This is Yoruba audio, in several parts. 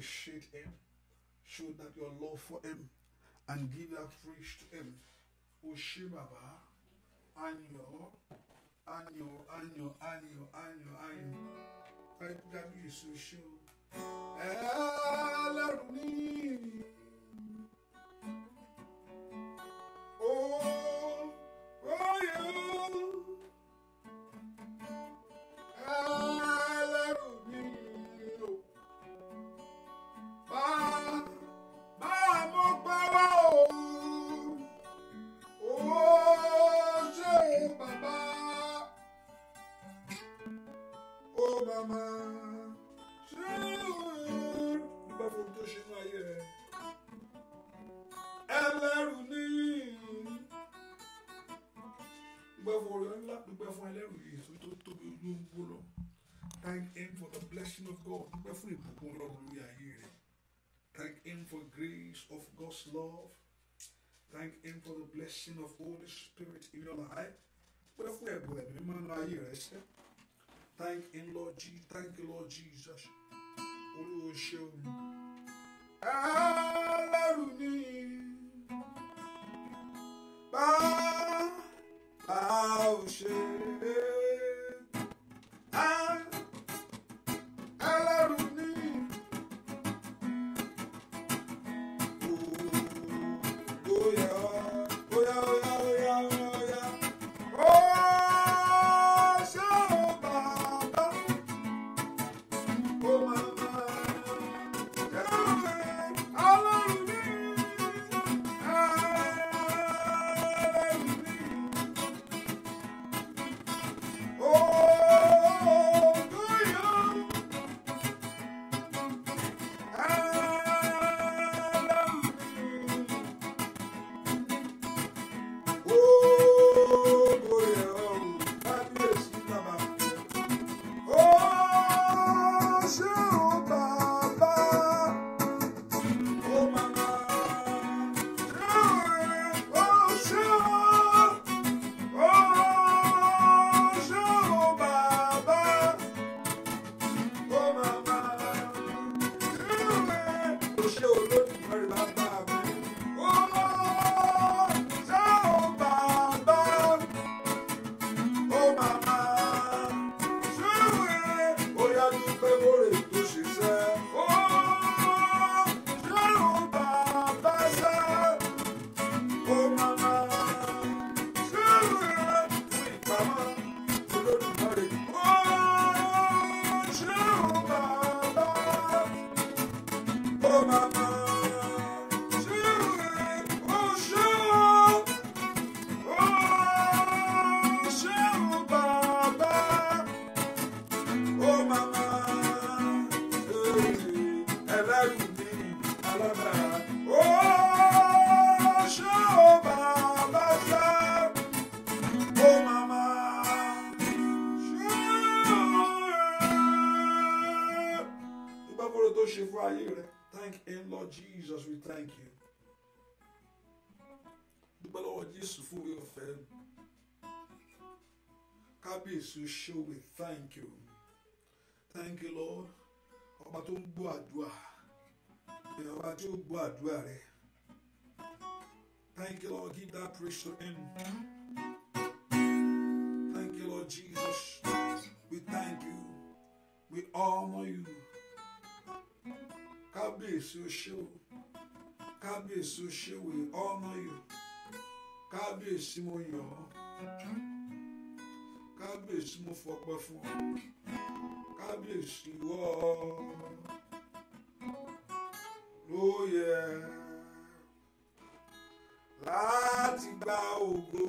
appreciate Him. Show that your love for Him and give that praise to Him. Oshibaba, Anyo, Anyo, Anyo, Anyo, Anyo, Anyo. Ẹ dábìí ìṣòṣò. Ẹ lẹ́rù ní. manifestation of Holy Spirit in your life. Wherefore, brethren, remember hear, rẹ sẹ́. Thank him, Lord Jesus. Thank you, Lord Jesus. Olúwo ṣeun. Ẹlẹ́rù ni bá a Jesus, we thank you. Dúpẹ́ lọ́wọ́ Jésù fún orí ọ̀fẹ́. Kábíyèsí ṣó we thank you. Thank you Lord. Ọba tó ń gbọ́ àdúrà. Ọba tí ó gbọ́ àdúrà rẹ̀. Thank you Lord. Give that praise to him. Thank you Lord Jesus. We thank you. We honor you kábíyèsí ó ṣéwò kábíyèsí ó ṣéwò we honor you kábíyèsí mo yàn ọ́ kábíyèsí mo fọpẹ́ fún ọ kábíyèsí wọ́ ọ ló yẹ láti gba ògo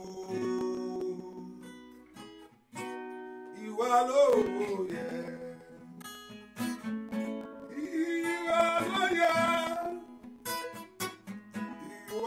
ìwà lóògùn yẹ. Yeah.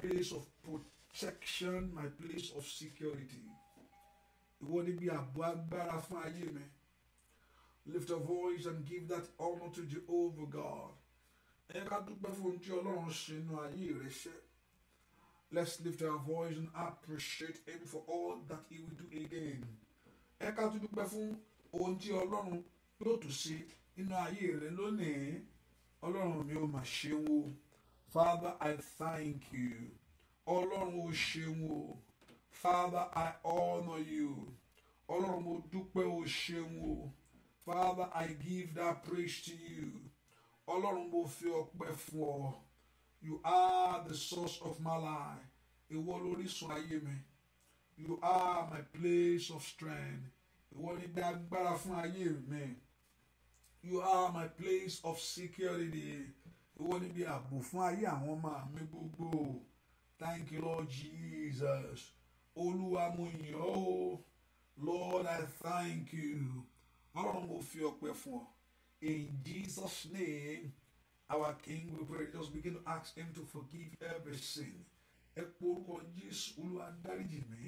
place of protection my place of security ìwọ ni bí ààbò agbára fún aye mi lift your voice and give that honour to Jehovah God ẹ ká dúpẹ́ fún tí Ọlọ́run ṣe ayé rẹ ṣe let's lift our voice and appreciate him for all that he will do again ẹ ká tún dúpẹ́ fún ohun tí Ọlọ́run yóò tún ṣe inú ayé rẹ lónìí Ọlọ́run mi ò mà ṣe wò. Father, I thank you. Ọlọ́run o ṣeun o. Father, I honor you. Ọlọ́run mo dúpẹ́ o ṣeun o. Father, I give that praise to you. Ọlọ́run mo fi ọpẹ́ fún ọ. You are the source of my life. Ìwọ lórísun ayé mi. You are my place of strength. Ìwọ ni bí fún ayé mi. You are my place of security ìwọ níbi ààbò fún ayé àwọn ọmọ mi gbogbo thank you lord jesus olúwa mo yọ̀ ọ́ lord i thank you ọlọ́run mo fi ọpẹ́ fún ọ in jesus name our king we pray just begin to ask him to forgive every sin ẹ pọ orúkọ jésù olúwa dáríjì mi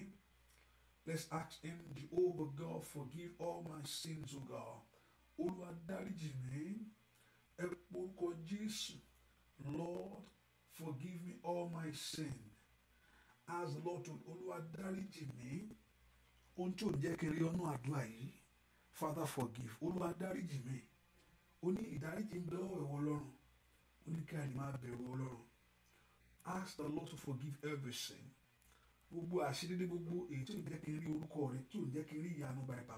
let's ask him the jehovah god forgive all my sins o god olúwa dáríjì mi ẹ porúkọ Jesus, Lord forgive me all my sin As Lord to Olúwa dáríjì mí ohun tí ò jẹ́ kiri ọ̀nà Father forgive Olúwa dáríjì mí ó ní ìdáríjì ń bẹ lọ́wọ́ ìwọ Ọlọ́run ó ní kí a lè ask the Lord to forgive every everything gbogbo àṣírí gbogbo èyí tí ò jẹ́ kiri orúkọ rẹ tí ò jẹ́ kiri ìyanu bàbá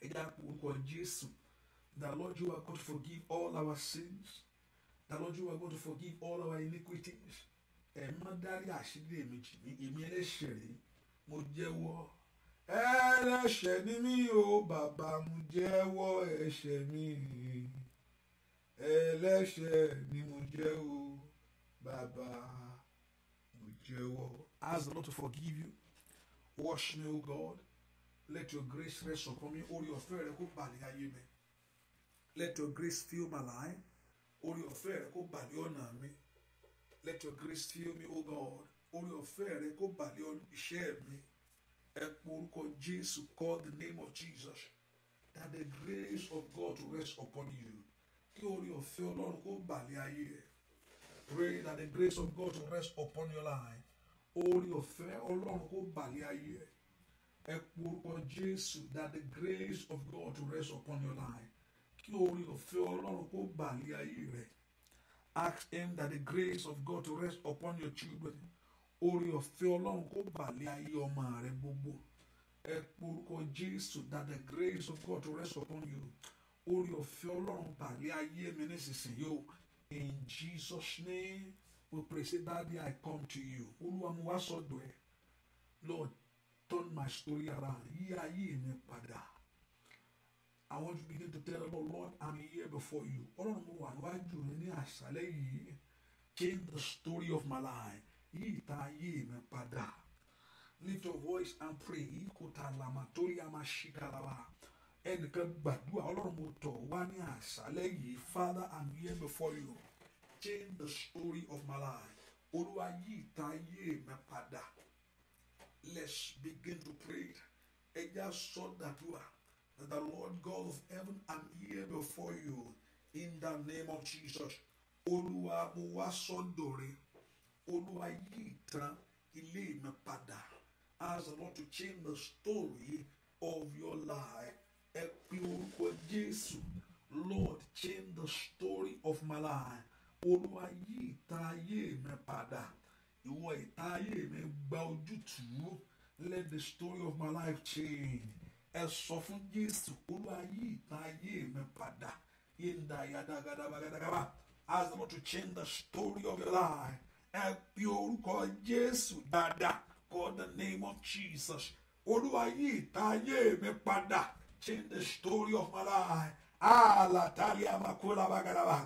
ẹ dá orúkọ Jésù That Lord, you are going to forgive all our sins. That Lord, you are going to forgive all our iniquities. Ẹ má dárí àṣírí èmi jì mí, èmi ẹlẹ́ṣẹ̀ rèé, mo jẹ́wọ́. Ẹlẹ́ṣẹ̀ ni mí o, bàbá mo jẹ́wọ́ ẹ̀ṣẹ̀ mi. Ẹlẹ́ṣẹ̀ ni mo jẹ́ o, bàbá mo jẹ́wọ́. Ask the Lord to forgive you. Wash me, O God. Let your grace rest upon me. Orí your rẹ kó bà ní ayé mi let your grace fill my life orí ọ̀fẹ́ rẹ kó bà lé ọ̀nà mi let your grace fill me o God orí ọ̀fẹ́ rẹ kó bà lé ọ̀nà iṣẹ́ mi ẹ pọ orúkọ Jésù call the name of Jesus that the grace of God to rest upon you kí orí ọ̀fẹ́ Ọlọ́run kó bà lé ayé rẹ pray that the grace of God to rest upon your life orí ọ̀fẹ́ Ọlọ́run kó bà lé ayé rẹ ẹ pọ orúkọ Jésù that the grace of God to rest upon your life kí orí ọ̀fẹ́ ọlọ́run kó bà lé ayé rẹ ask him that the grace of God to rest upon your children orí ọ̀fẹ́ ọlọ́run kó bà lé ayé ọmọ rẹ gbogbo ẹ porúkọ Jésù that the grace of God to rest upon you orí ọ̀fẹ́ ọlọ́run bà lé ayé mi nísinsìnyí o in Jesus name we pray say daddy I come to you olúwa mo wá sọ́dọ̀ ẹ Lord turn my story around yí ayé mi padà. I want you to begin to tell the Lord, Lord, I'm here before you. Ọlọ́run mo wà níwájú rẹ ní àṣálẹ́ yìí. Change the story of my life. Yí ìta ayé mi padà. Lift your voice and pray. Ìkúta làmà torí a máa ṣí kalaba. Ẹnìkan gbàdúrà Ọlọ́run mo tọ̀ wá ní àṣálẹ́ yìí. Father, I'm here before you. Change the story of my life. Olúwa yí ìta ayé mi Let's begin to pray. just Ẹ já sọ́dàdúrà that the Lord God of heaven am here before you in the name of Jesus. Olúwa mo wá sọ́dọ̀ rẹ, Olúwa yí ìtàn ilé mi padà. Ask the Lord to change the story of your life. Ẹ pe orúkọ Jésù. Lord, change the story of my life. Olúwa yí ìtàn ayé mi padà. Ìwọ ìtàn mi gba ojútùú. Let the story of my life change ẹ sọ fún Jésù olúwa yí ìtàn ayé mi padà yé ń da yàdàgàdàgàdàgàbà ask them to change the story of your life ẹ pe orúkọ Jésù Dada, call the name of Jesus olúwa yí ìtàn ayé mi padà change the story of my life alatali amakolabagadaba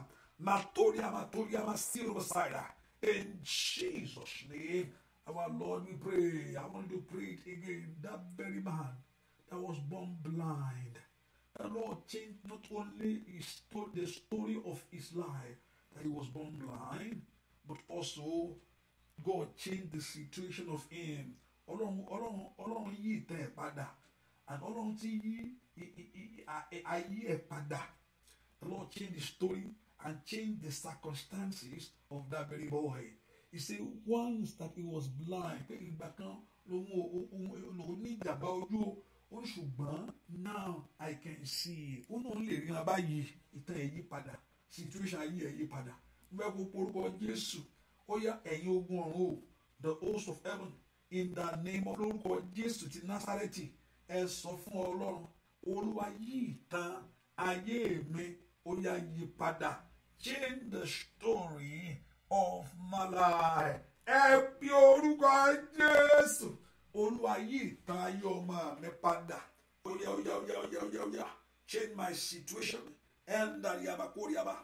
matori amatori amasirosida in Jesus name our Lord we pray I want to pray it again that very man that was born blind. The Lord changed not only his, the story of his life, that he was born blind, but also God changed the situation of him. Ọlọ́run Ọlọ́run Ọlọ́run yí ìtẹ́ and Ọlọ́run ti yí ayé ẹ̀ The Lord changed the story and changed the circumstances of that very boy. He said once that he was blind, pé ìgbà ó ṣùgbọ́n now I can see ó náà lè ríran báyìí ìtàn ẹ̀ yí padà situation ayé ẹ̀ yí padà wíwá kó porúkọ Jésù ó yá ẹ̀yin ogun ọ̀run o the host of heaven in the name of lórúkọ Jésù ti Násárẹ́tì ẹ sọ fún Ọlọ́run Olúwa yí ìtàn ayé mi ó yá yí padà change the story of my life ẹ pé orúkọ Jésù olúwa yí ìtàn ayé ọmọ mi padà oya oya oya oya oya oya change my situation ẹ̀ńdà yaba kóríaba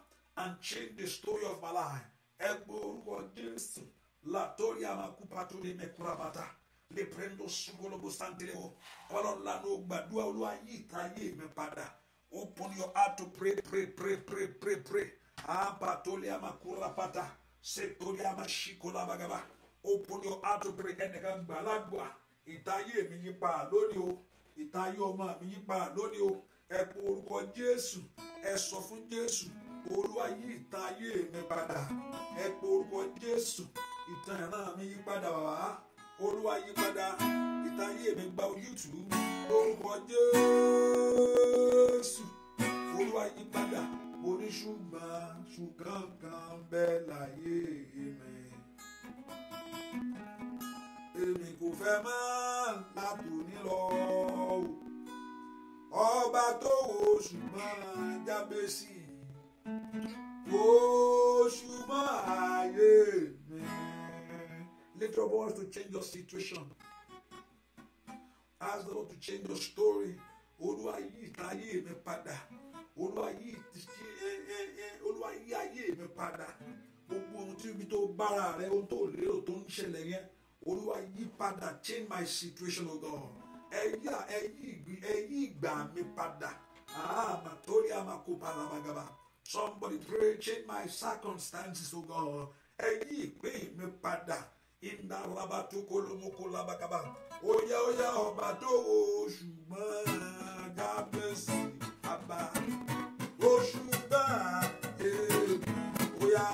and change the story of my life ẹgbẹ́ orúkọ jésù látọ́rí àmàkúpàtó ní mẹ́kúrabàtà lè pẹ́ńdọ̀ sugolobo santelemo ọlọ́lànà gbàdúrà olúwa yí ìtàn ayé mi padà open your heart to pray pray pray pray pray pray abatolia makurapata setolia mashikola bagaba open your heart to pray ẹnìkan gbà ládùúgbà ìtayé mi yí pa lónìí o ìtayé ọmọ mi yí pa lónìí o ẹ pe orúkọ jésù ẹ sọ fún jésù olúwa yí ìtayé mi padà ẹ pe orúkọ jésù ìtàn ìran mi yí padà wá olúwa yí padà ìtayé mi gba ojútù lórúkọ jésù olúwa yí padà oníṣùgbọ́n ṣùgbọ́n kan bẹ́ẹ̀ láyé mi èmi kò fẹ́ mọ́ látòní lọ ọba tó wo ṣùgbọ́n jábẹ́sì wo ṣùgbọ́n ààyè mi. Lift your voice to change your situation. Ask the Lord to change your story. Olúwa yí ìtayé mi padà. Olúwa yí Olúwa yí ayé mi padà. Gbogbo ohun tí ibi tó bára rẹ ohun tó lérò tó ń ṣẹlẹ̀ yẹn olúwa yí padà change my situation o god ẹ yí ẹ yí ìgbì ẹ yí ìgbà mi padà àmà ah, torí àmà kó balabagaba somebody pray change my circumstances o god ẹ yí ìpè mi padà ìdá rabatókolomoko labagaba oyá oyá ọba tó o ṣùgbọ́n gábẹ́sì àbá oṣù bá èèyàn oyá.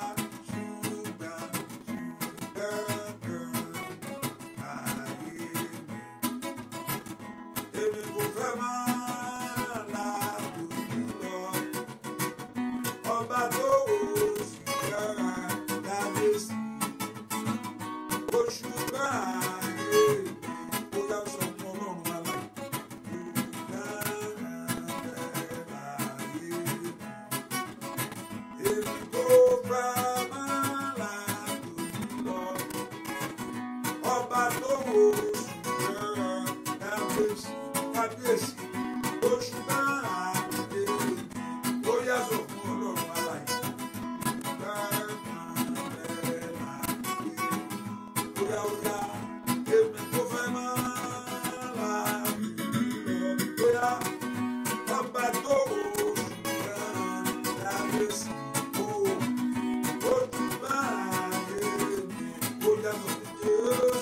Ooh.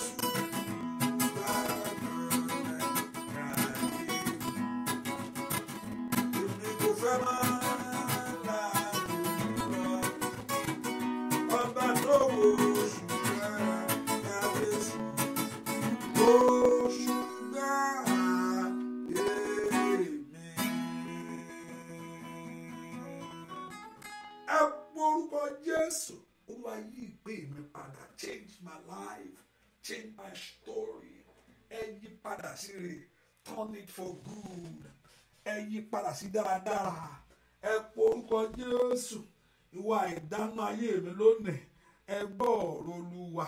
sí dáadáa ẹ po orúkọ jésù ìwà ìdáná ayé mi lónìí ẹ gbọ́ ọ̀rọ̀ olúwa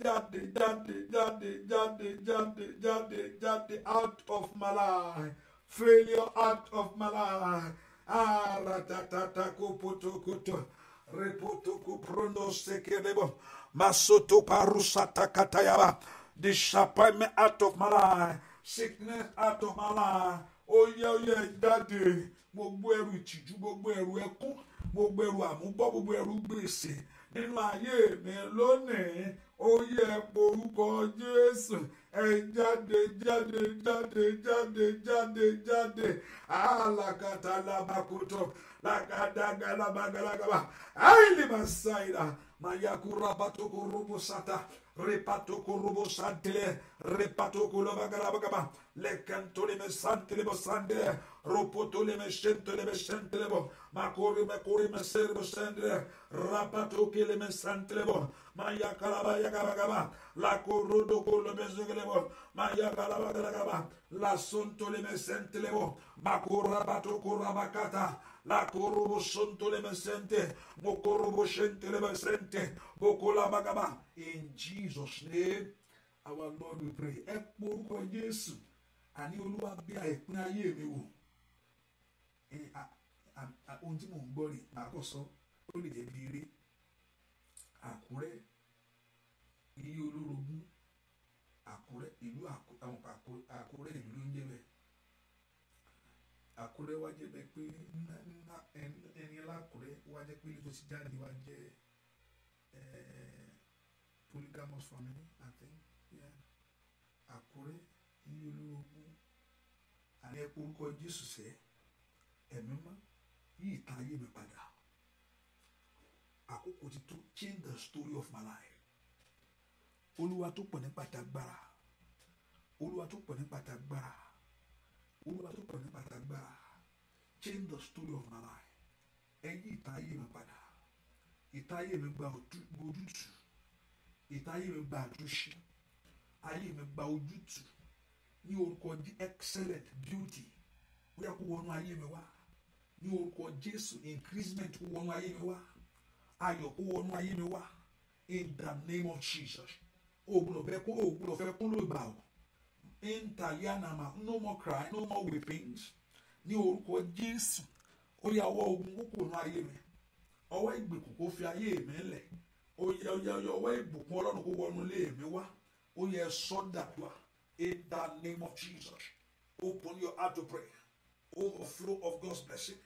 jáde jáde jáde jáde jáde jáde jáde out of my life failure out of my life aratatata kopotokoto repotokopronosekelebo masotoparusatakatayaba disappointment out of my life sickness out of my life oyè oyè jáde gbogbo ẹrù ìtìjú gbogbo ẹrù ẹkún gbogbo ẹrù àmúbọ́ gbogbo ẹrù gbèsè nínú ayé mi lónìí oyè porúkọ Jésù ẹ jáde jáde jáde jáde jáde jáde àlàkàtà làbàkùtọ làkàdàgà làbàgàlàgàbà àìlèmàsáìlà màyàkúrà bàtòkòrò mọsàtà. repatoko robo santele repatoko lobagalabagaba lekantoleme santelebo sandele ropotoleme shentelebe shentelebo makorime korime serbo sendele rapatokeleme santelebo mayakalabagabagaba lakorodokolomezongelebo mayagalabagalagaba lasontoleme sentelebo makorabatoko rabakata la korobo sonto le mesente mokorobo shente le mesente bokola magama in Jesus name our Lord we pray ẹ pọ orúkọ Jésù àní Olúwa bí àìpín ayé mi wò ohun tí mò ń gbọ́ rè máa kọ́ sọ ó lè jẹ́ bí eré Àkúrẹ́ ilé olórogún Àkúrẹ́ ìlú Àkúrẹ́ ìlú ń jẹ́ bẹ́ẹ̀ Àkúrẹ́ wá jẹ́ bẹ́ẹ̀ pé ẹni alákùrẹ́ wá jẹ́ pé lójú ti jáde wá jẹ́ eh, polygamous family I think yeah. Àkúrẹ́ ilé olórogún àní ẹ porúkọ Jésù sẹ́ ẹ̀mí mọ́ yí ìtàn ayé mi padà àkókò ti tó change the story of my life olúwa tó pọ̀ nípa tagbára olúwa tó pọ̀ nípa tagbára olúwa tó pọ̀ nípa tàgbà change the story of my life ẹ̀yí ìta ayé mi padà ìta ayé mi gba ojútùú ìta ayé mi gba àtúnṣe ayé mi gba ojútùú ní orúkọ excellent beauty ó yá kó wọnú ayé mi wá ní orúkọ jésù increasement kó wọnú ayé mi wá ayọ̀ kó wọnú ayé mi wá in the name of jesus ògùn ọ̀fẹ́ kó ògùn ọ̀fẹ́ kó ló gbà ọ́ ntalianama no more cry no more weepings ní orúkọ jésù ó yá ọwọ́ ogun kó kúrò ní ayé mi ọwọ́ ìgbèkùn kó fi ayé mi lẹ̀ ó yá ìbùkún ọlọ́run kó wọnú ilé mi wá ó yá sọ́dàdúà in the name of jesus open your heart to pray overflow of god's blessing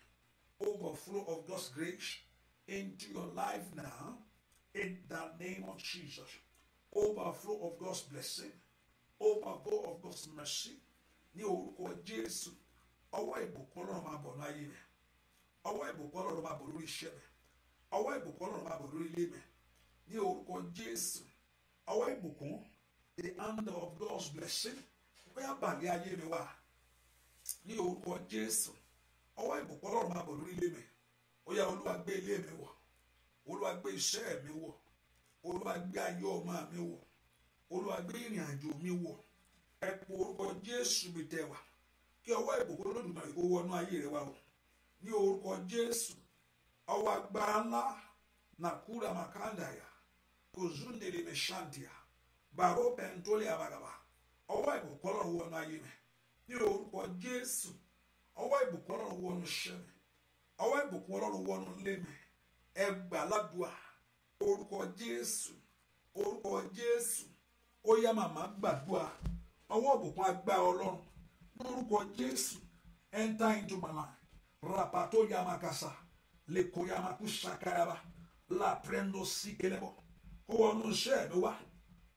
overflow of god's grace into your life now in the name of jesus overflow of god's blessing. ó of ọgbọ́n sùnmọ́sí ní orúkọ jésù ọwọ́ ìbùkún ọlọ́run máa bọ̀ láyé rẹ̀ ọwọ́ ìbùkún ọlọ́run máa bọ̀ lórí iṣẹ́ rẹ̀ ọwọ́ ìbùkún ọlọ́run máa bọ̀ lórí ilé rẹ̀ ní orúkọ jésù ọwọ́ ìbùkún the hand of God's blessing bóyá bàlẹ́ ayé mi wà ní orúkọ jésù ọwọ́ ìbùkún ọlọ́run máa bọ̀ lórí ilé mi ó ilé mi wọ̀ iṣẹ́ mi olúwa gbé ìrìn àjò mi wọ̀ ẹ orúkọ jésù mi tẹ kí ọwọ́ ìbùkún Olódùmarè kó wọnú ayé rẹ wá o ní orúkọ jésù ọwọ́ agbára ńlá nàkúrà màkàndàyà kò zúndèrè bàró pẹ̀ntólì àbàgàbà ọwọ́ ìbùkún Ọlọ́run wọnú ayé mi ní orúkọ jésù ọwọ́ ìbùkún Ọlọ́run wọnú mi ọwọ́ ìbùkún Ọlọ́run wọnú ó yá màmá gbàdúrà ọwọ́ òbùkún agbá ọlọ́run lórúkọ jésù enter into my life rapato yamakasa lekoyamaku sakaraba laprendo sikelebo kó wọnú iṣẹ́ mi wá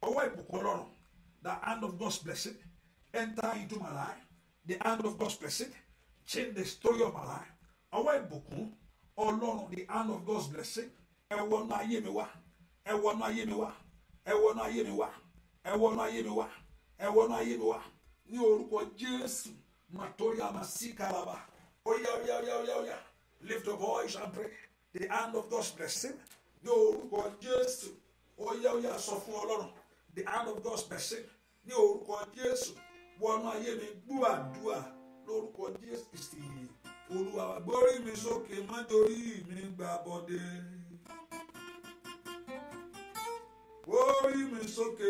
ọwọ́ ìbùkún ọlọ́run the hand of God's blessing enter into my life the hand of God's blessing change the story of my life ọwọ́ ìbùkún ọlọ́run the hand of God's blessing ẹ wọnú ayé mi wá ẹ wọnú ayé mi wá ẹ wọnú ayé mi wá ẹ wọnú ayé mi wá ẹ wọnú ayé mi wá ní orúkọ jésù màtóríà màsíkàlàbà óyá óyá óyá óyá óyá lift your voice and pray the hand of God's blessing ní orúkọ jésù óyá óyá sọ fún ọlọ́run the hand of God's blessing ní orúkọ jésù wọnú ayé mi gbúàdúà lórúkọ jésù kristi olúwa gbórí mi sókè má torí mi gbà bọ́dé. Gbórí mi sókè.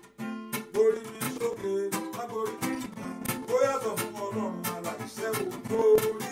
torí mi sókè lágbórí kí n bí ó yàtọ̀ fún ọlọ́run àlàyé sẹ́wọ̀n tó rí.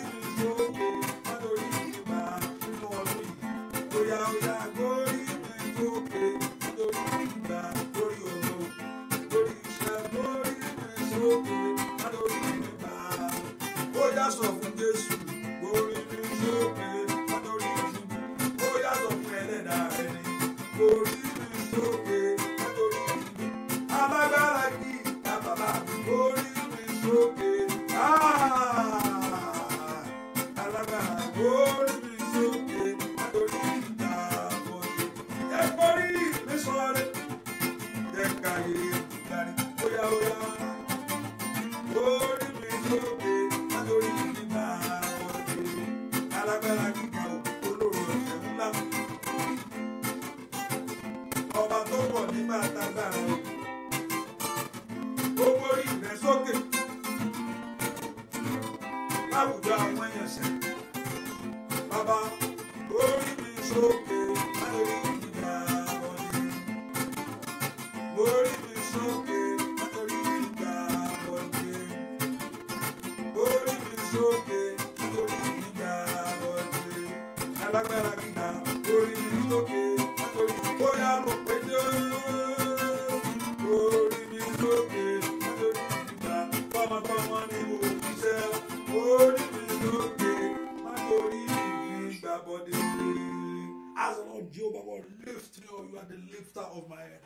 Lord lift you you are the lifter of my head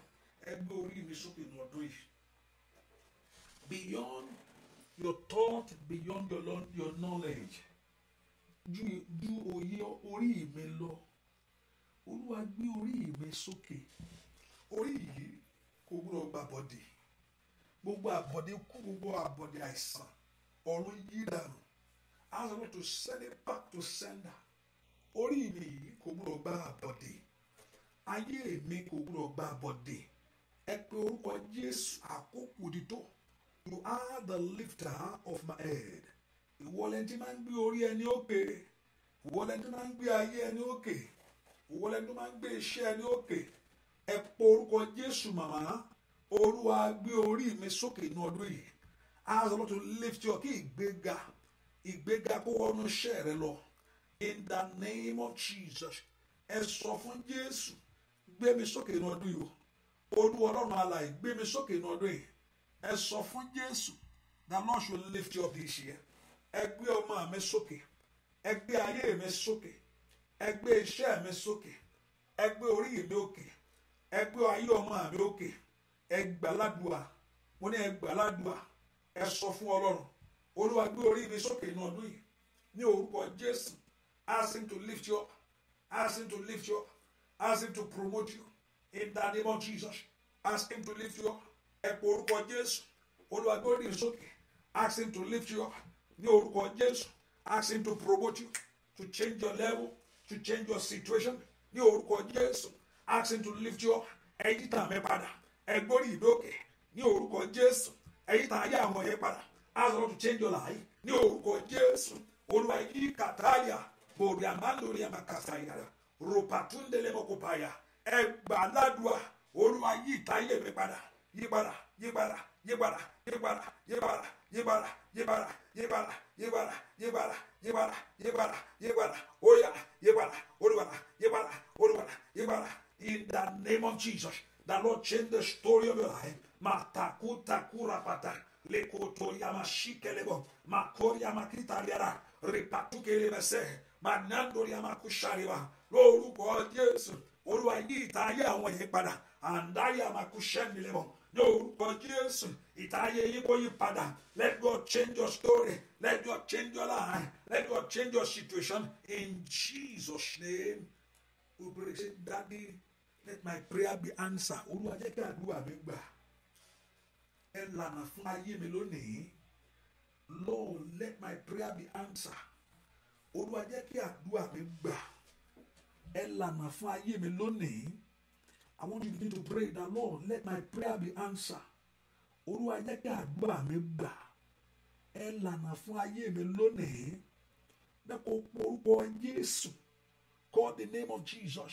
ẹgbẹ́ orí mi beyond your thought beyond your, your knowledge ju ju òye orí mi lọ olúwa gbé orí mi sókè orí yìí kò gbúdọ̀ gba àbọ̀dè gbogbo àbọ̀dè kú gbogbo àbọ̀dè àìsàn ọ̀run yídàrú ask to send it back to sender orí mi yìí kò gbúdọ̀ gba àbọ̀dè ayé mi kò gbúdọ̀ gba bọ̀dẹ̀ ẹ pé orúkọ Jésù àkókò òdìtò you are the lifter of my head ìwọlẹ́ntì máa ń gbé orí ẹni òkè ìwọlẹ́ntì máa ń gbé ayé ẹni òkè ìwọlẹ́ntì máa ń gbé iṣẹ́ ẹni òkè ẹ pé orúkọ Jésù màmá olúwa gbé orí mi sókè ní ọdún yìí ask the Lord to kí ìgbéga ìgbéga kó wọnú iṣẹ́ rẹ lọ in the name of Jesus ẹ sọ fún Jésù gbé mi sókè ní ọdún yìí o olú ọlọ́run alààyè gbé mi sókè ní ọdún yìí ẹ sọ fún jésù that Lord should lift you up this ẹ gbé ọmọ mi sókè ẹ gbé ayé mi sókè ẹ gbé iṣẹ́ mi sókè ẹ gbé orí mi òkè ẹ gbé ayé ọmọ mi òkè ẹ gbàládùá mo ní ẹ gbàládùá ẹ sọ fún to lift Ask him to promote you in the name of Jesus. Ask him to lift you up. Ẹ pe orúkọ Jésù. Olúwa sókè. Ask him to lift you up. Ní orúkọ Jésù. Ask him to promote you. To change your level. To change your situation. Ní orúkọ Jésù. Ask him to lift you up. Ẹ yí tàn mí padà. Ẹ gbórí ìdókè. Ní orúkọ Jésù. Ẹ tàn ayé àwọn yẹn padà. Ask God to change your life. Ní orúkọ Jésù. Olúwa yí kàtáyà. Bòrì àmàlórí àmàkàtà ìyàrá rupatundele mokopaya ẹgbà ládùá olúwa yí ìtayé mi padà yí padà yí padà yí padà yí padà yí padà yí padà yí padà yí padà yí padà yí padà yí padà yí padà yí in the name of Jesus the Lord change the story of your life matakuta kurapata lekotoyamashikelebo makoryamakitariyara ripatukelebese manandoriamakushariba lórúkọ jésù olúwa yí ìta ayé àwọn yìí padà àǹdáyé àmàkù sẹ́nilẹ̀ mọ́ ní orúkọ jésù ìta ayé padà let God change your story let God change your life let God change your situation in Jesus name we pray say daddy let my prayer be answered olúwa jẹ́ kí àdúrà mi gbà ẹ lànà fún ayé mi lónìí Lord let my prayer be answered olúwa jẹ́ kí àdúrà mi gbà ẹ lànà fún ayé mi lónìí I want you to pray that Lord let my prayer be answered Olúwa jẹ́ kí àdúrà mi gbà ẹ lànà fún ayé mi lónìí bẹ́ẹ̀ kó orúkọ Jésù call the name of Jesus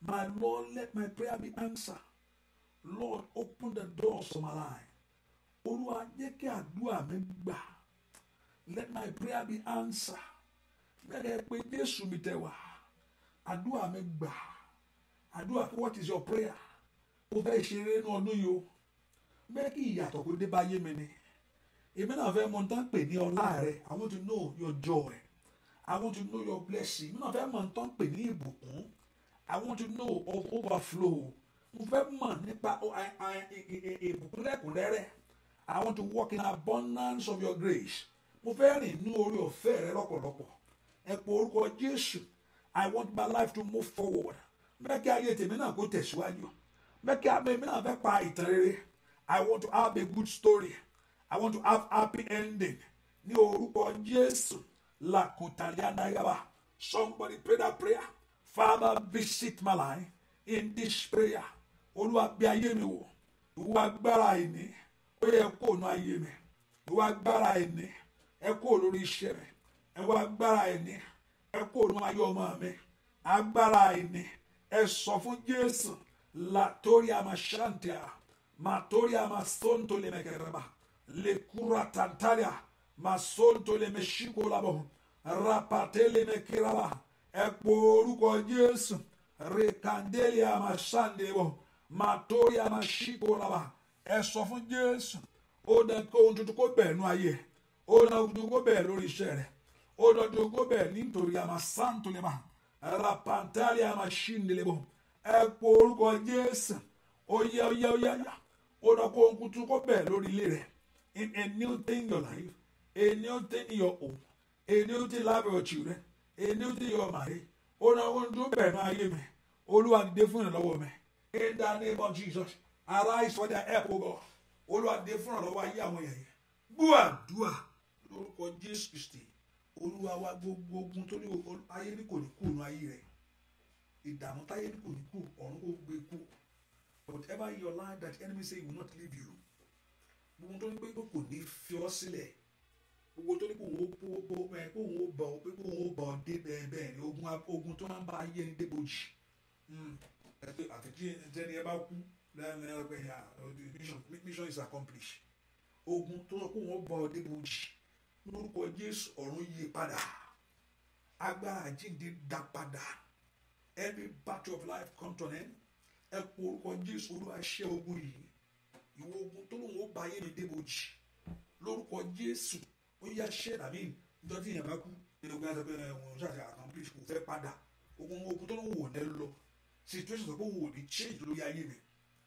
my Lord let my prayer be answered Lord open the doors of my life Olúwa jẹ́ kí àdúrà mi gbà let my prayer be answered bẹ́ẹ̀ kẹ́ pé Jésù mi tẹ̀ wá àdúrà mi gbà àdúrà what is your prayer mo fẹ́ ṣeré ní ọdún yìí o bẹ́ẹ̀ kí ìyàtọ̀ kó dé bá yé mi ni èmi náà fẹ́ mọ ní tán pè ní ọlá rẹ I want to know your joy I want to know your blessing èmi náà fẹ́ mọ ní tán pè ní ìbùkún I want to know of overflow mo fẹ́ mọ̀ nípa e, e, e, ìbùkún lẹ́kùnrẹ́rẹ́ I want to walk in abundance of your grace mo fẹ́ rìn ní orí ọ̀fẹ́ rẹ lọ́pọ̀lọpọ̀ ẹ pọ orúkọ Jésù I want my life to move forward. Bẹ́ẹ̀ kí ayé tèmi náà kó tẹ̀síwájú. Bẹ́ẹ̀ kí àmì mi náà fẹ́ pa ìtàn rere. I want to have a good story. I want to have happy ending. Ní orúkọ Jésù Lakutalianayaba. Somebody pray that prayer. Father visit my life in this prayer. Olúwa bí ayé mi wò. Ìwọ agbára ìní. Ó yẹ kó nu ayé mi. Ìwọ agbára ìní. Ẹ kó lórí iṣẹ́ mi. Ẹ wọ agbára ìní ẹ kó òun ayé ọmọ mi agbára ìní ẹ sọ fún jésù látòrí àmà ṣáǹtìà màtòrí àmà sóńtò lè mẹkẹrẹba lè kúra tàntàlíà mà sóńtò lè mẹṣíkò labọ rapàtẹ lè mẹkẹrẹba ẹ pọ orúkọ jésù rèkàndélì àmà ṣáǹdìbọ màtòrí àmà ṣíkò labọ ẹ sọ fún jésù ó dẹ kó ohun tuntun kó bẹ̀ẹ̀ nú ayé ó dẹ ohun tuntun kó bẹ̀ẹ̀ lórí iṣẹ́ rẹ̀ ododogobe nítorí amasantolema rapantali amashindelebo ẹpọ orúkọ jésù oyá oyá oyá yá odòkó nkutu kó bẹ lórí ilé rẹ in a new thing in your life a new thing in your home a new thing life of your children a new thing in your marriage odòkó nkutu bẹ náà yé mi olúwa dìde fún ìrànlọ́wọ́ mi in the name of jesus arise for their help o god olúwa dìde fún ìrànlọ́wọ́ ayé àwọn yẹn gbọ́ àdúrà lórúkọ jésù kristi olúwa wa gbogbo ogun torí ayé bí kò ní kú òun ayé rẹ ìdààmú táyé bí kò ní kú ọ̀run kò gbé kú whatever your life that enemy say will not leave you gbogbo tó ní pé kò ní fi ọ́ sílẹ̀ gbogbo tó ní kò wọ́n kó ẹ kó wọ́n bọ̀ pé kó wọ́n bọ̀ dé bẹ́ẹ̀ bẹ́ẹ̀ ni ogun ogun tó máa ń bá ayé ẹni débojì hmm. ẹgbẹ́ àtẹ̀jí ẹni ẹ bá kú lẹ́nu ẹgbẹ́ yà mission is accomplished ogun tó sọ pé wọ́n bọ̀ débojì lórúkọ jésù ọ̀run yí padà agbára àjíǹde dá padà every battle of life continent, to an end ẹ pọ orúkọ jésù olúwa ṣẹ́ ogun yìí ìwọ ogun tó lóun ó ba ayé mi débojì lórúkọ jésù ó yá ṣẹ́ dàbí ìjọ tí ìyẹn bá kú nínú gbé àtàkùn ẹ̀ wọ́n ṣàṣà accomplish kò fẹ́ padà ogun ogun tó lóun ò ní lọ situation tó kó wò ní change lórí ayé mi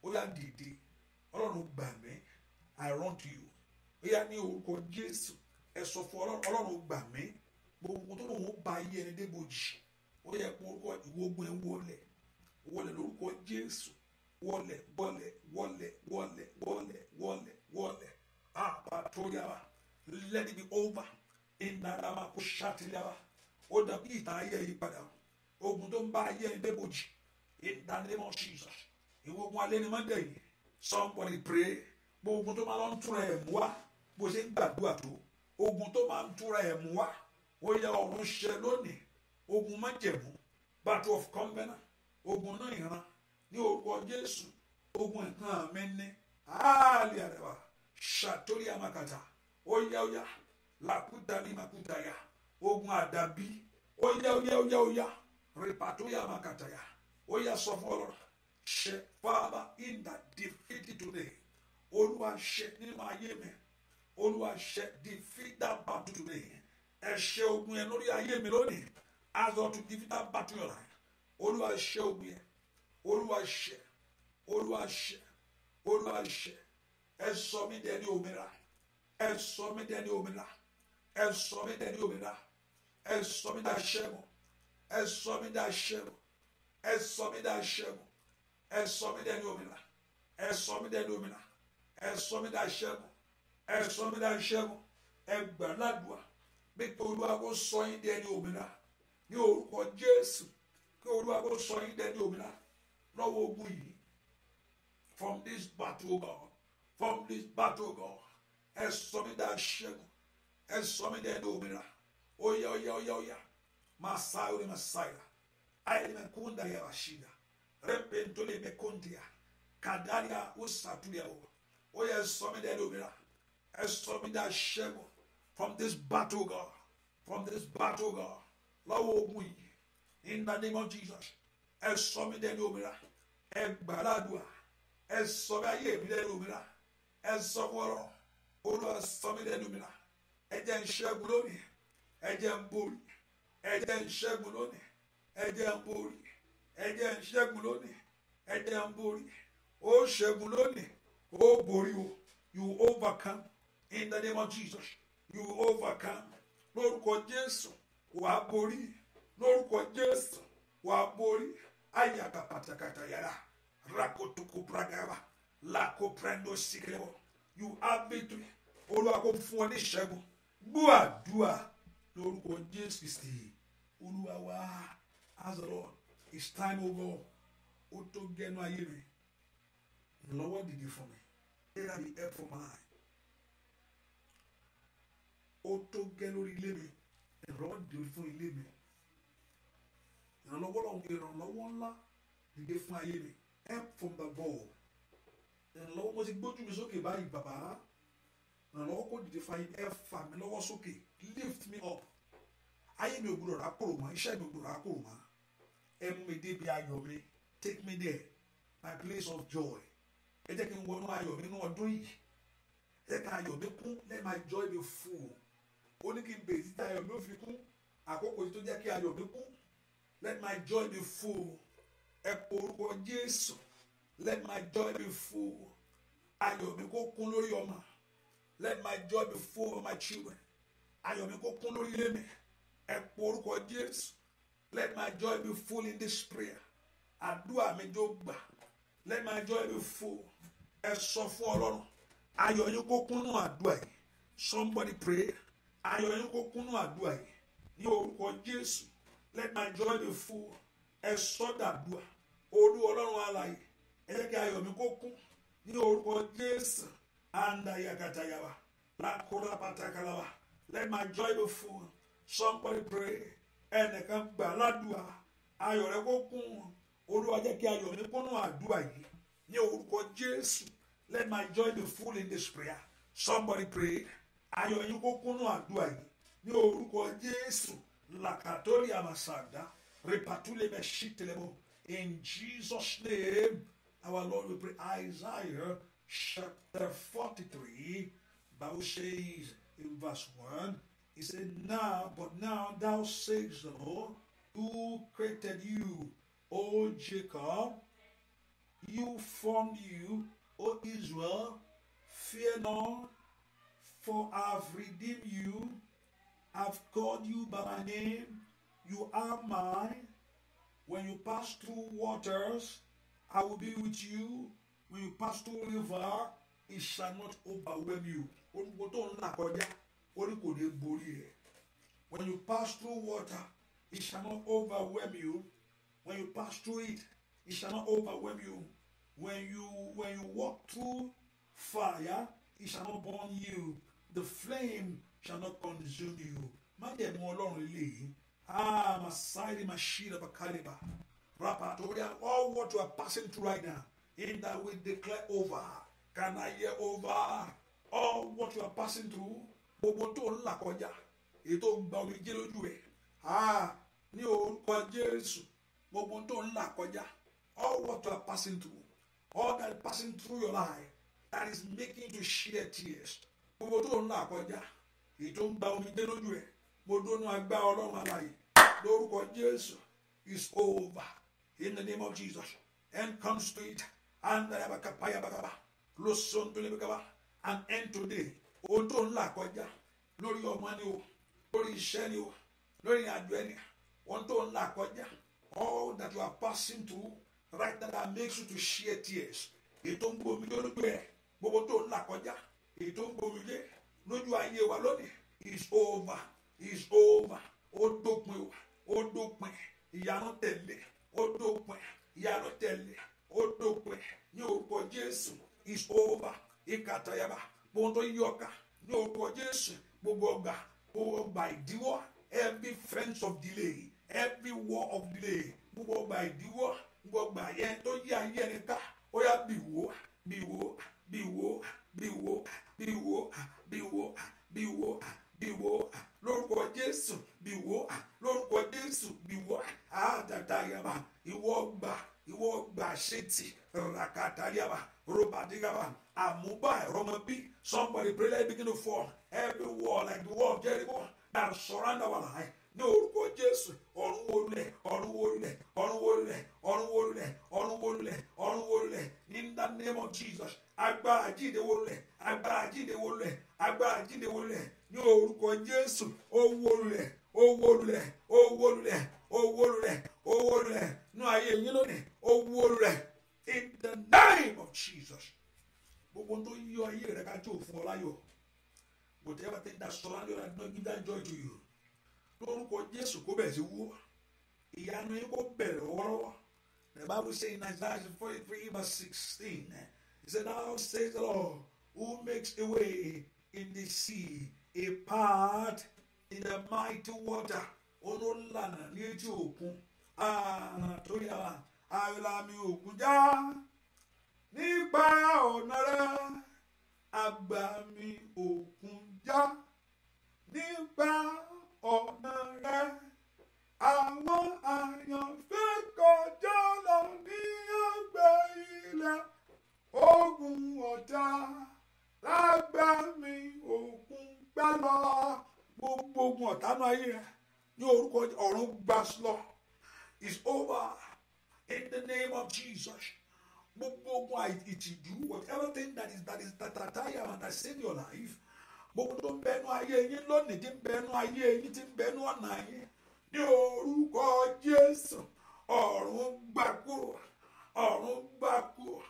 ó yá dìde ọlọ́run gbà mí i run to you ó yá ní orúkọ jésù ẹ sọ fún ọlọ́run gbà mí gbogbo tó lóun ba ayé ẹni débòjì ó yẹ kó orúkọ ìwógun ẹ wọlẹ̀ wọlẹ̀ lórúkọ jésù wọlẹ̀ wọlẹ̀ wọlẹ̀ wọlẹ̀ wọlẹ̀ wọlẹ̀ wọlẹ̀ àpàtóyàwá ah, let it be over ìnàdàmà kò ṣàtìlẹ́wà ó dàbí ìta ayé yìí padà ogun tó ń bá ayé ẹni débòjì ìdánimọ̀ jesus ìwógun alẹ́ ni mọ́ndé yìí somebody pray gbogbo tó máa lọ ń tún ẹ̀ mú wa bó ṣe ń gbàdúrà tó ogun tó máa ń túra ẹ̀ mú wá ó yá ọ̀run ṣe lónìí ogun májẹ̀mú battle of covenant ogun náà ìran ní orúkọ jésù ogun nǹkan mi ní áàlì àrẹwà ṣàtórí àmàkàtà ó yá ó yá làkúta ní màkúta yá ogun àdàbí ó yá ó yá ó yá ó yá rìpàtórí àmàkàtà yá ó yá sọ fún ọlọ́run ṣe fáábà in that defeat today olúwa ṣe nínú ayé mi olúwa ṣe defeat that battle today ẹ ṣe ogun yẹn lórí ayé mi lónìí as of to defeat that battle your life olúwa ṣe ogun yẹn olúwa ṣe olúwa ṣe olúwa ṣe ẹ sọ mí dẹni òmìnira ẹ sọ mí dẹni òmìnira ẹ sọ mí dẹni òmìnira ẹ sọ mí dá ṣẹ́gun ẹ sọ mí dá ṣẹ́gun ẹ sọ mí dá ṣẹ́gun ẹ sọ mí dẹni òmìnira ẹ sọ mí dẹni òmìnira ẹ sọ mí dá ṣẹ́gun ẹ sọ mi dáa ṣẹ́gun ẹ gbà ládùá bí pé olúwa kó sọ yín di ẹni òmìnira ní orúkọ jésù kí olúwa kó sọ yín di ẹni òmìnira lọ́wọ́ ogun yìí from this battle god from this battle god ẹ sọ mi dáa ṣẹ́gun ẹ sọ mi di ẹni òmìnira oya oya oya oya masai orí masai ayilimekunda ya rashida repentole mekundia kadaria usatulia o oya sọ mi di ẹni òmìnira and stop me that shame from this battle, God. From this battle, God. Lọ́wọ́ ogun In the name of Jesus. Ẹ sọ mí dẹni òmìnira. Ẹ gbàdúrà. Ẹ sọ mí ayé mi dẹni òmìnira. Ẹ sọ fọlọ́. Olúwa sọ mí dẹni òmìnira. Ẹ jẹ́ n ṣẹ́gun lónìí. Ẹ jẹ́ n borí. Ẹ n ṣẹ́gun lónìí. Ẹ n borí. Ẹ n ṣẹ́gun lónìí. Ẹ n borí. Ó ṣẹ́gun lónìí. Ó borí o. You overcome in the name of Jesus you overcome lórúkọ Jésù wàá borí lórúkọ Jésù wàá borí ayaka patakata yàrá rakotuku bragaba lako prendo sikirebo you have victory Olúwa kò fún ọ ní ìṣẹ́gun gbọ́ àdúrà lórúkọ Jésù Kristi Olúwa wa as it's time o God ó tó gẹnu ayé mi lọ́wọ́ dìde fún mi here are the help for ó tó gẹ́ lórí ilé mi ìrànlọ́wọ́ dé fún ilé mi ìrànlọ́wọ́ ìrànlọ́wọ́ ńlá dìde fún ayé mi help from above ìrànlọ́wọ́ mo ti gbójú mi sókè báyìí bàbá ìrànlọ́wọ́ kò dìde fún ayé ẹ fà mí lọ́wọ́ sókè lift me up ayé mi ò gbọdọ̀ rákòrò mọ́ iṣẹ́ mi ò gbọdọ̀ rákòrò mọ́ ẹ mú mi débi ayọ̀ mi take me there my place of joy ẹ jẹ́ kí n wọnú ayọ̀ mi ní ọdún yìí ẹ jẹ́ kí ayọ̀ mi kún let my joy be full ó ní kí n bèrè títa ayọ̀ mi fi kún àkókò tó jẹ́ kí ayọ̀ mi kún let my joy be full ẹ pọ orúkọ Jésù let my joy be full ayọ̀ mi kó kún lórí ọmọ let my joy be full my children ayọ̀ mi kó kún lórí ilé mi ẹ pọ orúkọ Jésù let my joy be full in this prayer àdúrà mi jó gbà let my joy be full ẹ sọ fún Ọlọ́run ayọ̀ yín kó kún nù àdúrà yìí somebody pray ayọ̀ yín kó kúnnú àdúrà yìí ní orúkọ Jésù let my joy be full ẹ sọ dàdúà olú ọlọ́run alààyè ẹ jẹ́ kí ayọ̀ mi kó kún ní orúkọ Jésù andayakatayawa lakura patakalawa let my joy be full somebody pray ẹnìkan gbà ládùá ayọ̀ rẹ kó kún olúwa jẹ́ kí ayọ̀ mi kúnnú àdúrà yìí ní orúkọ Jésù let my joy be full in this prayer somebody pray. ayọ̀ yín kó kúnnú àdúrà yìí ní orúkọ Jésù làkàtórì àmàsàdá rìpàtúlẹ̀ bẹ̀ sí tẹlẹmọ in Jesus name our Lord we pray Isaiah chapter forty-three Bible says in verse one he said now but now thou sayest O who created you O Jacob you formed you O Israel fear not For I've redeemed you, I've called you by my name, you are mine. When you pass through waters, I will be with you. When you pass through river, it shall not overwhelm you. When you pass through water, it shall not overwhelm you. When you pass through it, it shall not overwhelm you. When you when you walk through fire, it shall not burn you the flame shall not consume you májẹ̀mú ọlọ́run eléyìí ah masairi mashira bakaliba rapa toria all what you are passing through right now in that we declare over can I hear over all what you are passing through gbogbo tó ń là kọjá ètò ń gba omi jẹ lójú ẹ ah ní orúkọ Jésù gbogbo tó ń là kọjá all what you are passing through all that passing through your life that is making you share tears gbogbo tó ń là kọjá èyí ń gba omi dé lójú ẹ mo dónú agbá ọlọ́run alààyè lórúkọ jésù is over in the name of jesus end comes to it andarabakapayabakaba losondolebakaba and end today ohun tó ń là kọjá lórí ọmọ ni o lórí iṣẹ́ ni o lórí àjọ ẹni ohun tó ń là kọjá all that you are passing through right now makes you to share tears èyí tó ń gbomi lórí pé gbogbo tó ń là kọjá. ìtò ń gborúlé lójú ayé wa lónìí is over is over ó dópin wa ó dópin ìyanu tẹ̀lé ó dópin ìyanu tẹ̀lé ó dópin ní orúkọ Jésù is over ìkàtàyàbà ní orúkọ Jésù gbogbo ọgbà gbogbo ọgbà ìdíwọ́ every of delay every of delay gbogbo ọgbà ìdíwọ́ gbogbo ọgbà yẹn tó yí ayé ẹni ká ó bíwó bíwó bíwó bíwó bíwó lórúkọ jésù bíwó lórúkọ jésù bíwó àdàdà yaba ìwọ gbà ìwọ gbà ṣètì ràkàtà yaba rọbàdì yaba àmúbà ẹrọmọbí somebody pray let begin to fall every wall like the wall of Jericho ní orúkọ jésù ọ̀run wólulẹ̀ ọ̀run wólulẹ̀ ọ̀run wólulẹ̀ ọ̀run wólulẹ̀ Jesus agbára jíde wọlẹ̀ agbára jíde wọlẹ̀ agbára jíde wọlẹ̀ ní orúkọ jésù ó wọlẹ̀ ó wọlẹ̀ ó wọlẹ̀ ó wọlẹ̀ ó wọlẹ̀ nú ayé yín lónìí ó wọlẹ̀ in the name of jesus gbogbo tó yí ayé rẹ ká fún ọ to you lórúkọ jésù kó bẹ̀rẹ̀ sí wú ìyanu yín kó bẹ̀rẹ̀ wọ́rọ́wọ́ the bible say in Isaiah forty three verse sixteen. He said, Now says the Lord, who makes a way in the sea, a path in the mighty water. Olólànà ní etí òkun, ààrùn tó yára, àìlàmì òkun já. Nípa ọ̀nà rẹ̀, àgbàmì òkun já. Nípa ọ̀nà rẹ̀, àwọn àyànfẹ́ kọjá lọ ní àgbẹ̀ ilẹ̀. ogun ọ̀tá lágbá mi òkun gbogbo ogun ọ̀tá náà n'oruko ní orúkọ ọ̀run is over in the name of Jesus gbogbo ogun ìtìjú everything that is that is that that I and I save your life gbogbo tó ń bẹnu ayé yín lónìí tí ń bẹnu ayé yín tí ń bẹnu ọ̀nà yín ní orúkọ Jésù ọ̀run ọ̀run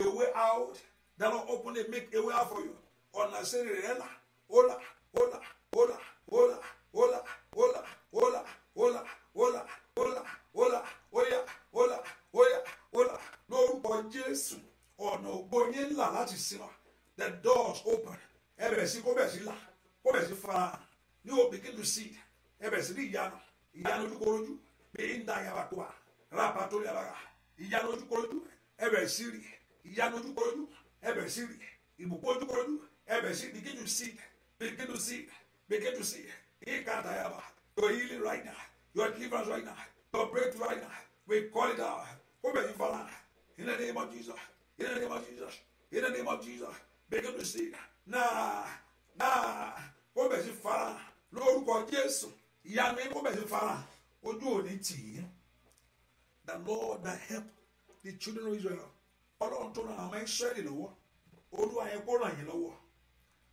a way out the Lord openly make a way out for you ọ̀nà sí rẹ̀ là ó là ó là ó là ó là ó là ó là ó là ó là ó là ó là ó là ó the doors open ẹ bẹ̀rẹ̀ sí kó bẹ̀rẹ̀ sí fara ní begin to see ẹ bẹ̀rẹ̀ yano ní ìyanu ìyanu ojúkorojú bí ń da yàrá tó wa rábà tó yàrá ìyanu ìyanu ojúkorojú ẹbẹ̀ sí rí ìbùkún ojúkorojú ẹbẹ̀ sí begin to see begin to see begin to see ìkàtà yaba your healing right now your deliverance right now your breakthrough right now we call it out ó bẹ̀ yín fara in the name of Jesus in the name of Jesus in the name of Jesus begin to see náà náà ó bẹ̀ yín fara lórúkọ Jésù ìyanu ó bẹ̀ yín fara ojú òní tì í the Lord that help the children of Israel ọlọ́run tó ran àwọn Ísírẹ́lì lọ́wọ́ olúwa yẹ kó ràn yín lọ́wọ́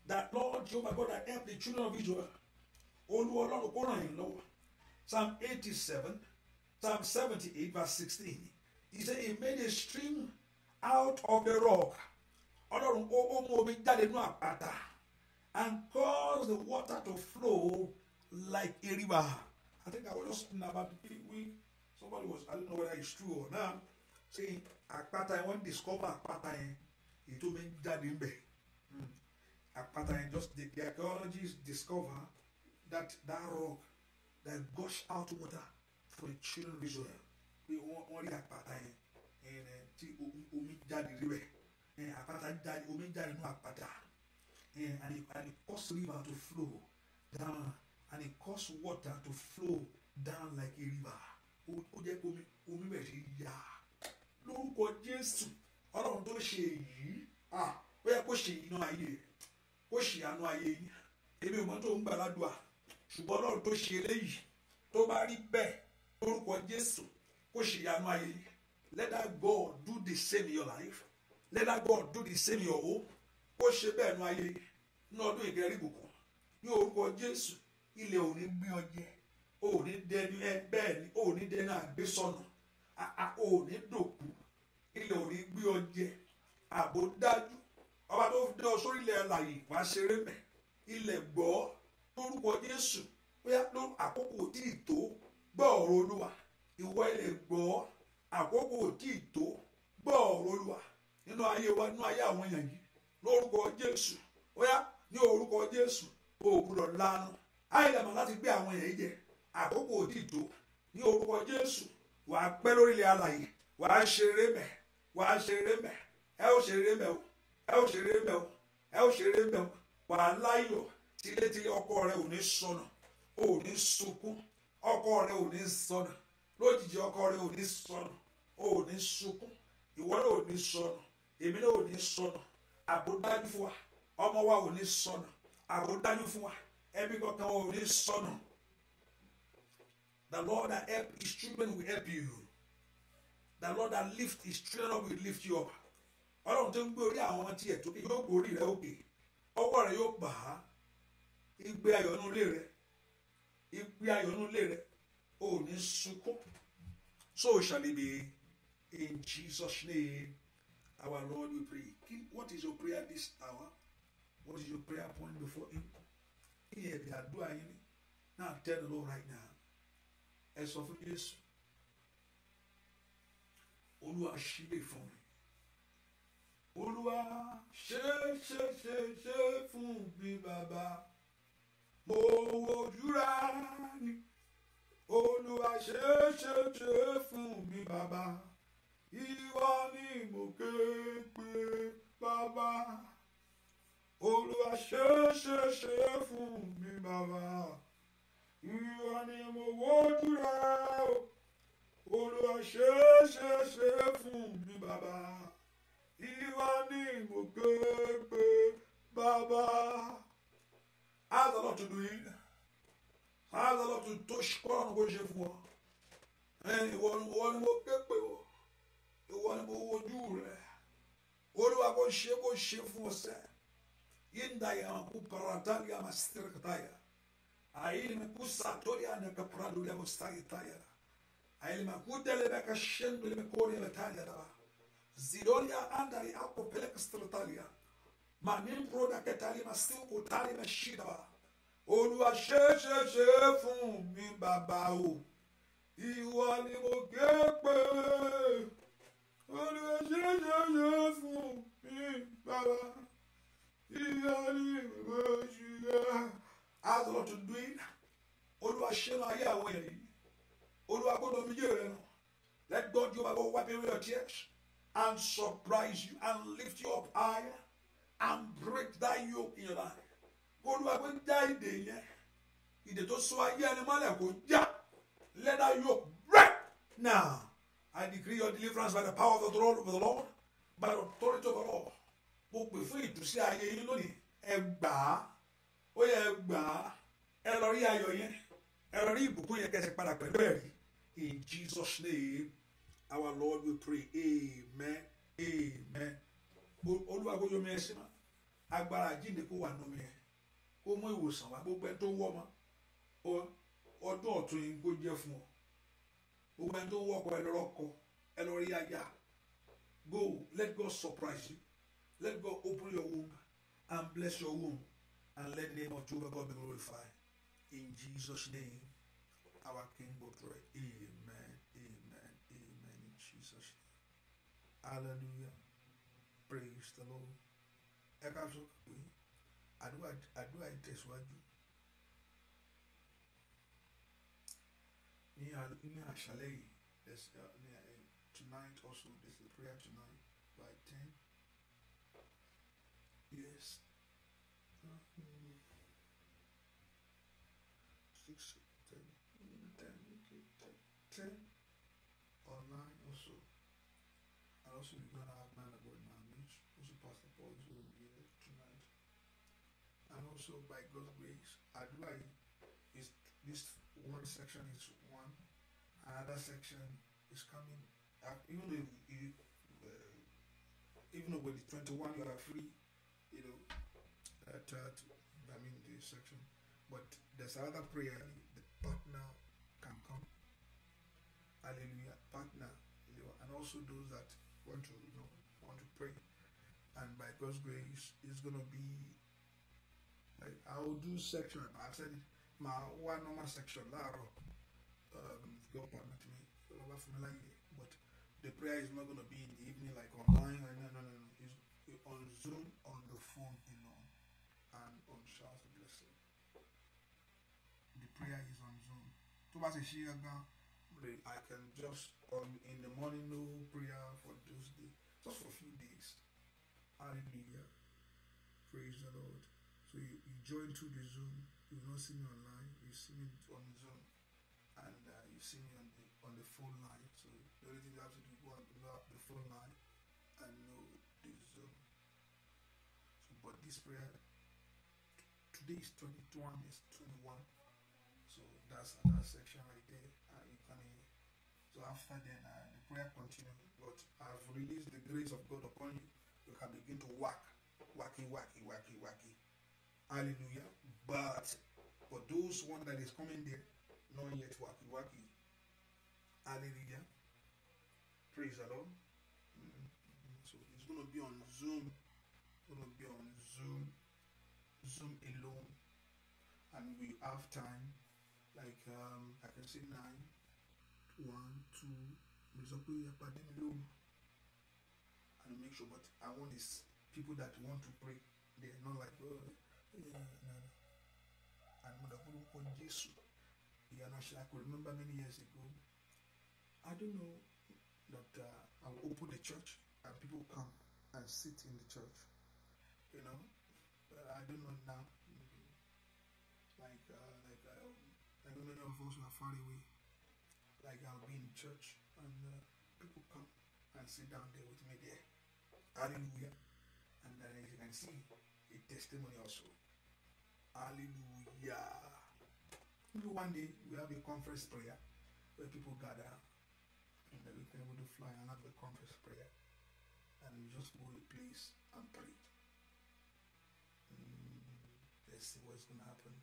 that lord jehovah god that help the children of israel olúwa ọlọ́run kó ràn yín lọ́wọ́ psalm eighty seven psalm seventy eight verse sixteen he say he made a stream out of the rock ọlọ́run ó ó mú omi jáde nínú àpáta and cause the water to flow like a river i think i was just in about the week somebody was i don't know whether it's true or not saying àpáta yẹn wọ́n discover àpáta yẹn èyí tó mi ń jáde ń bẹ̀ àpáta yẹn just the, the archaeologists discover that that rock that gush out water for the children of Israel pé wọ́n rí àpáta yẹn tí omi jáde rí bẹ̀ àpáta jáde omi jáde nínú àpáta and it and it cause river to flow down and it cause water to flow down like a river ó jẹ́ omi omi bẹ̀ sí yáa. lórúkọ jésù ọlọ́run tó ṣe èyí ó yẹ kó ṣe iná ayé kó ṣe àánú ayé yín èmi ò mọ tó ń gbàládùá ṣùgbọ́n ọlọ́run tó ṣe eléyìí tó bá rí bẹ́ẹ̀ lórúkọ jésù kó ṣe àánú ayé let that God do the same your life let that God do the same your ò ní dòkú ilẹ̀ ò ní gbé ọ jẹ àbò dájú ọba tó fi dé ọ sórí ilẹ̀ alàyè wá ṣeré mẹ́ ilẹ̀ gbọ́ lórúkọ Jésù bóyá ló àkókò tí ì tó gbọ́ ọ̀rọ̀ Olúwa ìwọ ilẹ̀ gbọ́ àkókò tí ì tó gbọ́ ọ̀rọ̀ Olúwa nínú ayé wa nínú ayé àwọn èèyàn yìí lórúkọ Jésù bóyá ní orúkọ Jésù o gbọ́dọ̀ lanu àìlẹ̀mọ̀ láti gbé àwọn èèyàn yìí jẹ àkókò tí ì tó ní orúkọ Jésù wàá pẹ́ lórílẹ̀ alàyè wàá ṣe eré mẹ́ wàá ṣe eré mẹ́ ẹ ó ṣe eré mẹ́ o ẹ ó ṣe eré mẹ́ o ẹ ó ṣe eré mẹ́ o wàá láyọ̀ tilétilé ọkọ rẹ ò ní sọnà ò ní sunkún ọkọ rẹ ò ní sọnà lójijì ọkọ rẹ ò ní sọnà ò ní sunkún ìwọ náà ò ní sọnà èmi náà ò ní sọnà àbódájú fún wa ọmọ wa ò ní sọnà àbódájú fún wa ẹbí kankan ò ní sọnà. The Lord that help his children will help you. The Lord that lift his children up will lift you up. Ọlọ́run tó ń gbé orí àwọn ọmọ tiẹ̀ tó ní yóò gbórí rẹ̀ òkè. Ọwọ́ rẹ̀ yóò bà á. Igbe ayọ̀nú ilé rẹ̀. Igbe ayọ̀nú ilé rẹ̀. O ò ní sunkún. So shall it be in Jesus' name. Our Lord we pray. What is your prayer this hour? What is your prayer point before him? Here, the àdúrà yín. Now tell the Lord right now ẹ sọ fún Jésù Olúwa ṣílè fún mi Olúwa ṣe ṣe ṣe ṣe fún mi bàbá mo wojúra ni Olúwa ṣe ṣe ṣe fún mi bàbá ìwọ ni mo ké pè bàbá Olúwa ṣe ṣe ṣe fún mi bàbá ìwọ ni mo wojú rẹ o olúwa ṣe é ṣe é ṣe é fún mi bàbá ìwọ ni mo gbé gbé bàbá. Ask the Lord to do it. Ask the Lord to touch kọ́nà kó ṣe fún ọ. Ìwọ ni mo ké pè wọ. Ìwọ ni mo wojú rẹ. Olúwa kó ṣe kó ṣe fún ọ sẹ́. Yín dayà kú paratá yà má sítírì kàtá yà a ili mekusa toria na kapradu le mustagi tayara a ili makuta le beka shendu le mekori le tayara ba zidoria andari ako peleka stratalia ma nimpro da ketali ma si utali ma shida ba Olúwa ṣe ṣe ṣe fún mi bàbá o ìwọ ni mo ké pè Olúwa ṣe ṣe ṣe fún mi bàbá ìyá ni mo ṣe yá ask the Lord to do it olúwa ṣẹ́nu ayé àwọn èèyàn yìí olúwa gbọ́dọ̀ omijé rẹ nù let God your Bible wipe away your tears and surprise you and lift you up higher and break that yoke in your life olúwa gbé já ìdè yẹn ìdè tó so ayé ẹni mọ́lẹ̀ kò já let that yoke break now I decree your deliverance by the power of the throne of the Lord by the authority of the Lord mo pè fún ìtúsí ayé yín lónìí ẹ gbàá ó yẹ gbà á ẹ lọ rí ayọ̀ yẹn ẹ lọ rí ìbùkún yẹn kẹsì padà pẹ̀lú ẹ̀rí in Jesus name our Lord we pray amen amen olúwa kó yomi ẹ sí ma agbára àjíǹde kó wà nùmí ẹ kó mú ìwòsàn wá gbogbo ẹ tó wọ́ ma ọdún ọ̀tún yìí kó jẹ́ fún ọ gbogbo ẹni tó ń wọkọ ẹ lọ́rọ́ kọ ẹ lọ́rọ́ yá yá go let God surprise you let God open your womb and bless your womb And let the name of Jehovah God be glorified. In Jesus' name, our King will pray. Amen. Amen. Amen. In Jesus' name. Hallelujah. Praise the Lord. Ẹ ká sọ pé àdúrà Ni ní àṣálẹ́ yìí uh, uh, tonight also there's a prayer tonight by ten. Yes. online also. I'll also be going to have man about my meet, also Pastor Paul is going to be here tonight. And also by God's grace, Adwai is this one section is one, another section is coming up. Even if you, uh, even though with the 21 you are free, you know, that, that I mean the section, but there's another prayer the partner can come. Hallelujah. Partner. You know, and also those that want to, you know, want to pray. And by God's grace, it's gonna be like I'll do section. I said my one normal section, Laro. Um your partner to me. But the prayer is not gonna be in the evening like online. No, no, no, no. It's on Zoom on the phone prayer is on Zoom tó bá ti I can just in the morning no prayer for Tuesday just for a few days hallelujah praise the Lord so you, you join through the Zoom you not see me online you see me on Zoom and uh, you see me on the on the phone line so the only thing you have to do is go on the phone line and know the Zoom so but this prayer today is 21 is 21 So that's that section right there. Uh, you can, so after then, uh, the prayer continues. But I've released the grace of God upon you. You can begin to work, wacky, wacky, wacky, wacky. Hallelujah. But for those one that is coming there, not yet wacky, wacky. Hallelujah. Praise the Lord. Mm-hmm. So it's gonna be on Zoom. It's going be on Zoom. Zoom alone. And we have time like um, I can say nine one two mo lè sọ pé ẹ pàdé mi lóru and make sure but I want is people that want to pray they are not like oh, yeah, no, no. and mo dàgbọ́ lórúkọ Jésù ìyànà ṣe I could remember many years ago I don't know that uh, I will open the church and people come and sit in the church you know but I don't know now like. Uh, another are far away. like I'll be in church and uh, people come and sit down there with me there. Hallelujah. And then you can see a testimony also. Hallelujah. Maybe one day we have a conference prayer where people gather and then we can able to fly and have a conference prayer. And we just go to the place and pray. Mm, let's see what's going to happen.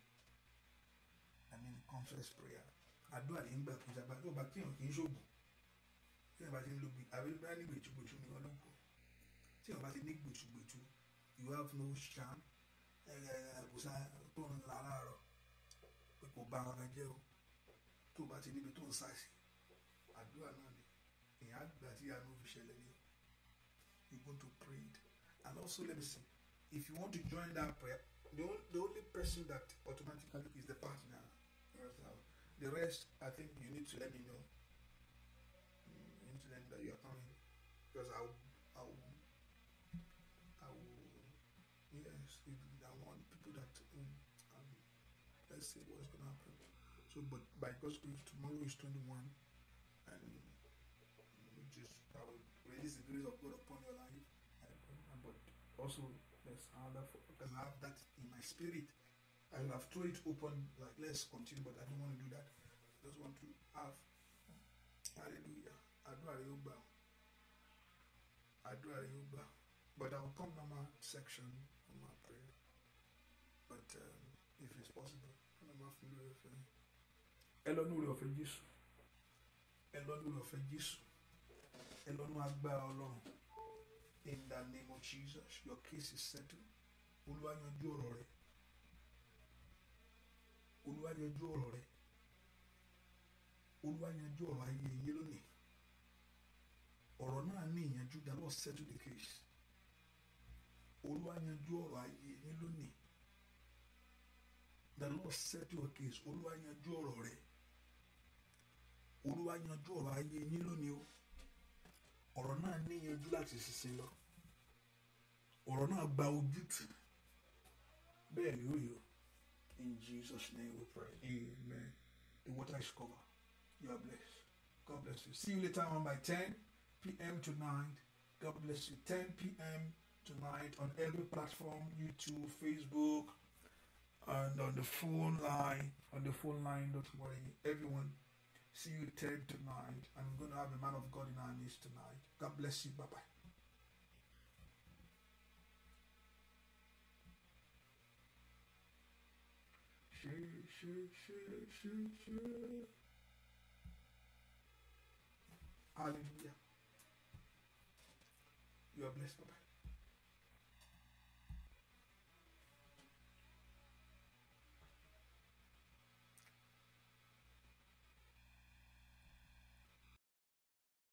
I mean confess prayer àdúrà ní gbà kó jábá tó bá kéèyàn kì í ṣògùn kéèyàn bá ti ń lo gbè àbí bá ní gbèjúgbèjú ní ọlọ́kọ̀ téèyàn bá ti ní gbèjúgbèjú you have no sham kò sá tó ń la láàárọ̀ pé kò bá ara jẹ́ o tó bá ti níbi tó ń sá sí àdúrà náà ni èèyàn àgbà tí àánú fi ṣẹlẹ̀ ni you go to pray it and also let me say if you want to join that prayer the only, the only person that automatically is the partner The rest, I think you need to let me know. You need to let me that you are coming, because I'll, I'll, I'll. Yes, I want people that. Um, um, let's see what's gonna happen. So, but by God's grace, tomorrow is 21, and just I will release the grace of God upon your life. But also, there's another because I have that in my spirit I will have thrown it open, like let's continue, but I don't want to do that. I just want to have hallelujah. Adore rẹ yóò gbà. Àdúrà rẹ But I will come my section on my prayer. But um, if it's possible, I'm not familiar with it. Ẹ lọ́nu orí ọ̀fẹ́ Jésù. Ẹ lọ́nu orí ọ̀fẹ́ Jésù. Ẹ lọ́nu agbára In the name of Jesus, your case is settled. Olúwa yanjú ọ̀rọ̀ rẹ̀ olúwa yanjú ọ̀rọ̀ rẹ olúwa yanjú ọ̀rọ̀ ayé yín lónìí ọ̀rọ̀ náà ní ìyanjú the Lord settle the case olúwa yanjú ọ̀rọ̀ ayé yín lónìí the Lord settle case olúwa yanjú ọ̀rọ̀ rẹ olúwa yanjú ọ̀rọ̀ ayé yín lónìí o ọ̀rọ̀ náà ní ìyanjú láti ṣiṣẹ́ lọ ọ̀rọ̀ náà gba ojútùú bẹ́ẹ̀ ni ó yọ In Jesus' name we pray. Amen. The water is covered. You are blessed. God bless you. See you later on by 10 p.m. tonight. God bless you. 10 p.m. tonight on every platform, YouTube, Facebook, and on the phone line. On the phone line, don't worry. Everyone, see you 10 tonight. I'm going to have a man of God in our midst tonight. God bless you. Bye-bye. Hallelujah. You are blessed, Papa.